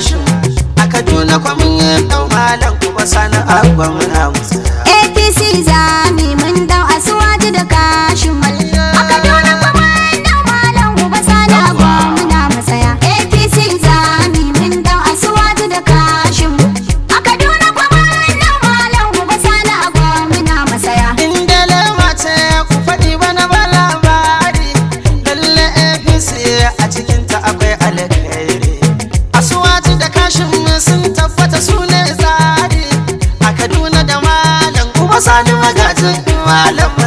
should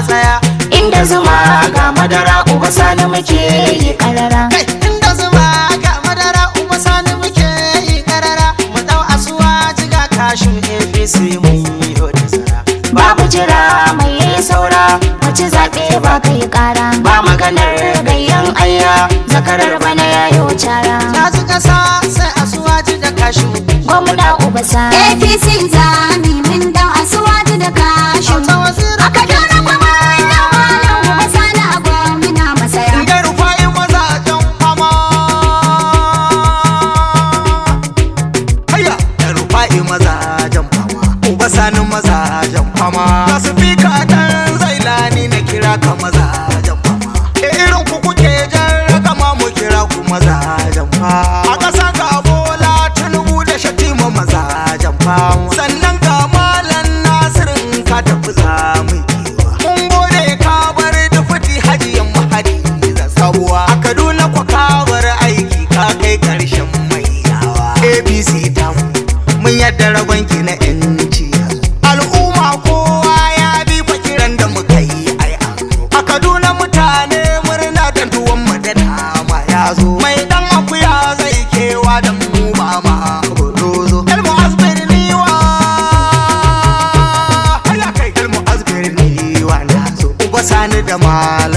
tsaya inda zuma ga madara uba sani muke yi karara inda zuma ga madara uba sani muke yi karara mu dau asuwa ji kashu. jiga kashin apc mun yi hodisara babu jira mai yi saura mace zaɓe ba ka yi ƙara ba maganar gayyan aya zakarar bana ya yi wucara ta zuka sa sai asuwa ji da kashu. gwamna uba sani apc zani sani da malam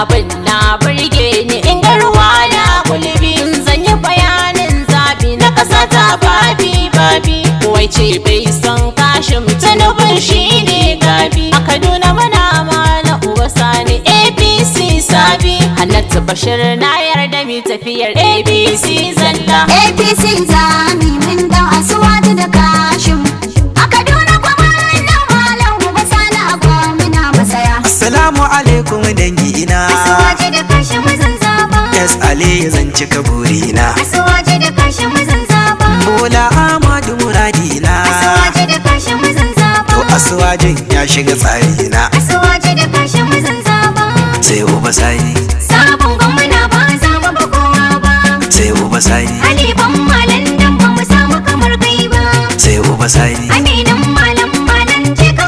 abin na burge ni in garwa na gulbi zan yi bayanin zabi na kasa ta babi babi wai ce bai son kashin tunubin shi ne gabi a kaduna mana mana uba sani apc sabi halatta bashir na yarda mi tafiyar apc zalla c zami cika burina bola amadu muradina da to ya shiga tsarina asuwaje da mazan zaba sai uba sai sabon ba ba kowa ba sai uba sai malan dan ba mu samu kamar kai ba malam malan ka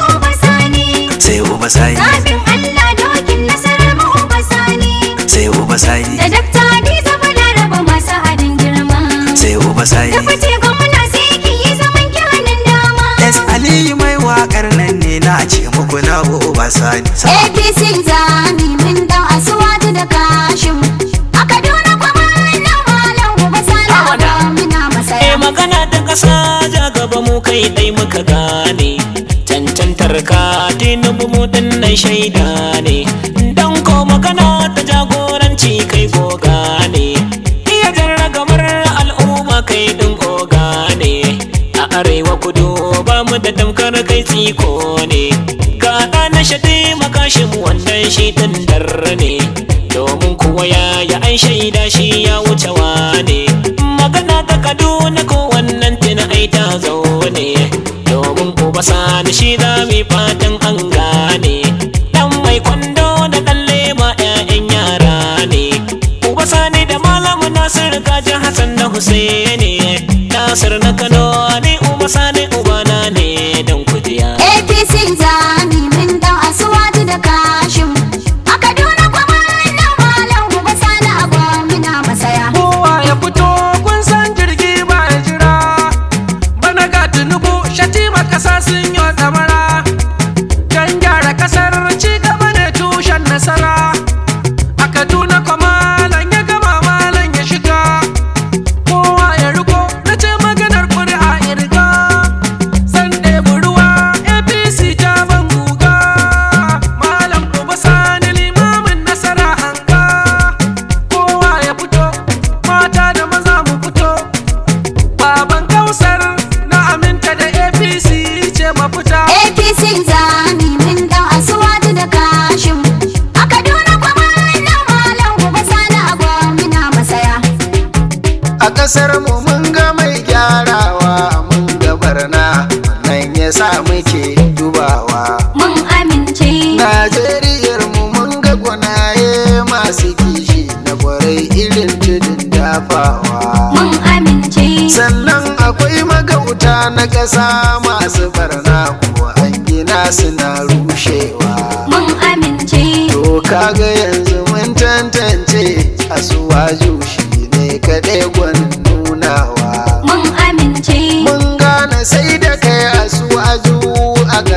sani Allah dokin nasarar mu uba sani sai uba sai sai ce gwamna zaman ki dama yes aliyu mai wakar nan ne na ce muku na ba sani apc zami min dau asuwatu da kashin a kaduna kuma na malam gobe sana muna masaya. eh magana da kasa ja gaba mu kai dai muka gane cancantar ka tinubu mu nan shaida ne fiko ne ga ɗana shi makashin wannan shi dar ne domin kuwa ya yi an shaida shi ya wuce ne magana ta kaduna ko wannan tuna ai ta zaune domin uba sani shi za mu fatan an gane ɗan mai kwando da ɗan lema 'ya'yan yara ne uba sani da malamu nasir gajin hassan da husaini nasir na kano ne uba sani kasar mu mun ga mai gyarawa mun ga barna nan ya sa muke dubawa mun amince Najeriyar mu mun ga gwanaye masu kishi na kwarai irin tudun dafawa mun amince sannan akwai magauta na ƙasa masu barna kuwa an gina suna rushewa mun amince to kaga yanzu mun tantance asuwaju shi ne kaɗai gwan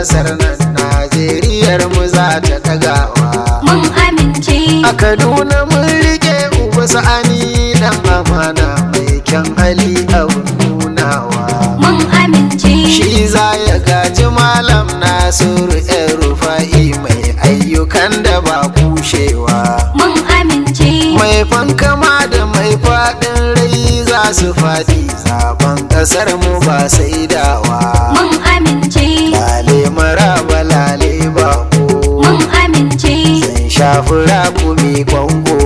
Kasar nan Najeriyar mu za ta ɗagawa. Mun amince. A Kaduna mun riƙe uba sa'ani dan amana mai kyan hali abun nunawa. Mun amince. Shi za ya gaji malam Nasiru ‘yan rufa'i mai ayyukan da ba kushewa. Mun amince. Mai fankama da mai faɗin rai za su faɗi zaben ƙasar mu ba sai da kafura kumi kwango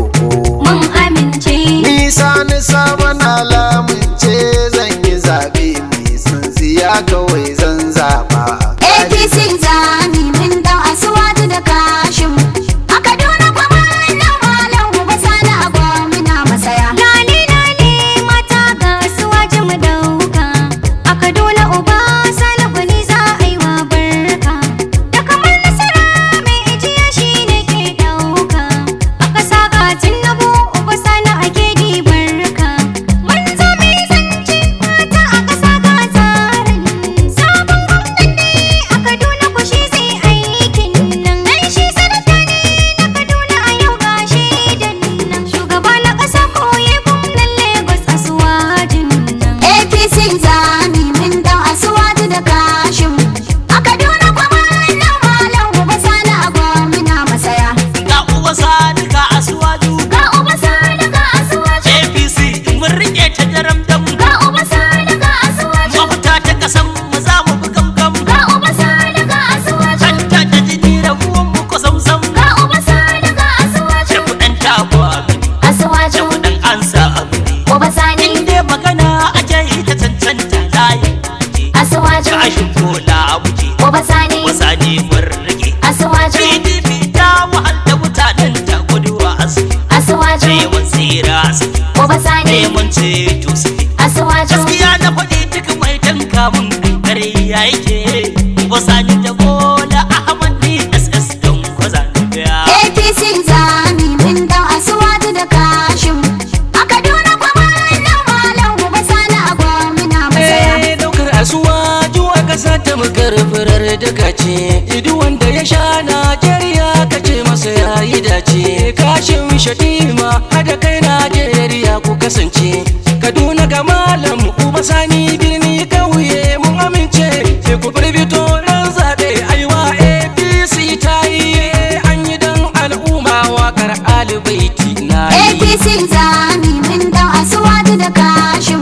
Aliyu Shatima hada kai Najeriya ku kasance Kaduna ga malam Uba Sani birni kauye mun amince sai ku fito ran zaɓe aiwa APC ta yi an yi dan al'umma wakar alibaiti na APC zami mun dau asuwa da kashin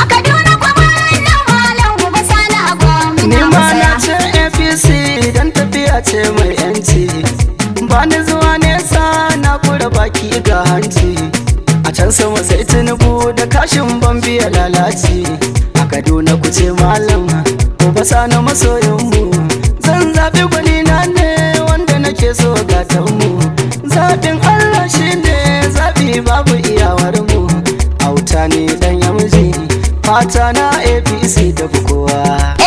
a Kaduna kuma nan malam Uba Sani a gwamna masaya. Ni ma na ce APC dan tafiya ce mai 'yanci ba ni zuwa baki ga hanci a can sama sai tinubu da kashin bambi ya lalace a kaduna ku ce malam ko sa na masoyin mu zan zaɓi gwani na ne wanda nake so gatan mu zaɓin allah shi ne zaɓi babu iyawar mu auta ne dan yamji fata na apc da kowa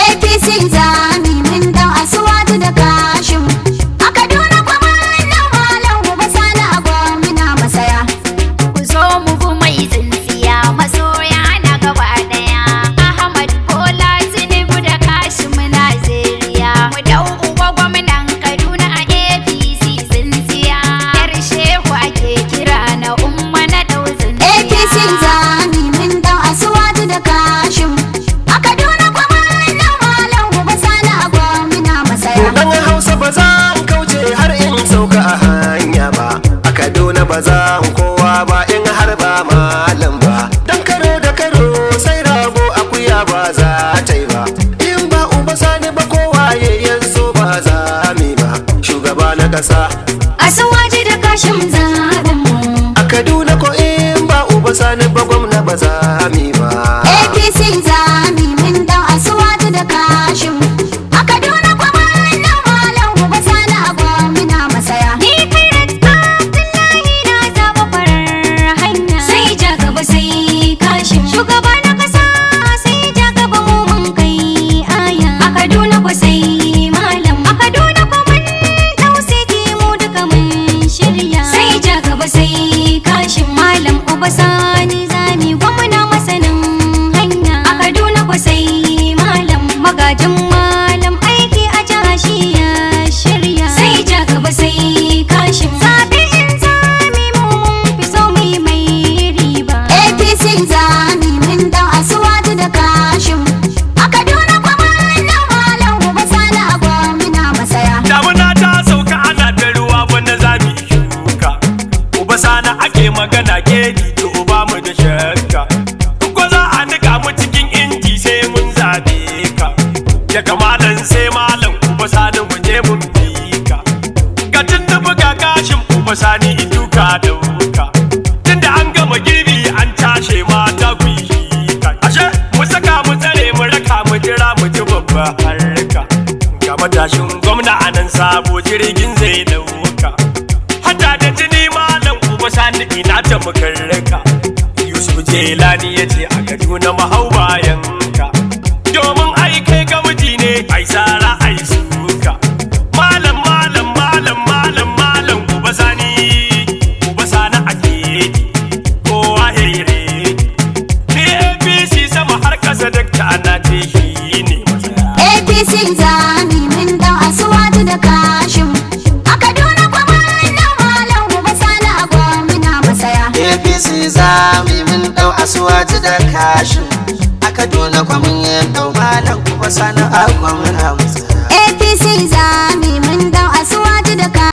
na gasa da kashin zaben mu a kaduna ko in ba uba sani ba gwamna ba za sani in duka da wuka tunda an gama girbi an tashe mata ku ashe mu saka mu tsare mu raka mu jira mu ji babba harka ga matashin gwamna a nan sabo jirgin zai dauka hada da jini malam kuma sani ina ta mu karraka. yusuf jelani ya ce a kaduna mahau bashin a kaduna kwamin yin dau malam kuma sana'ar kwamin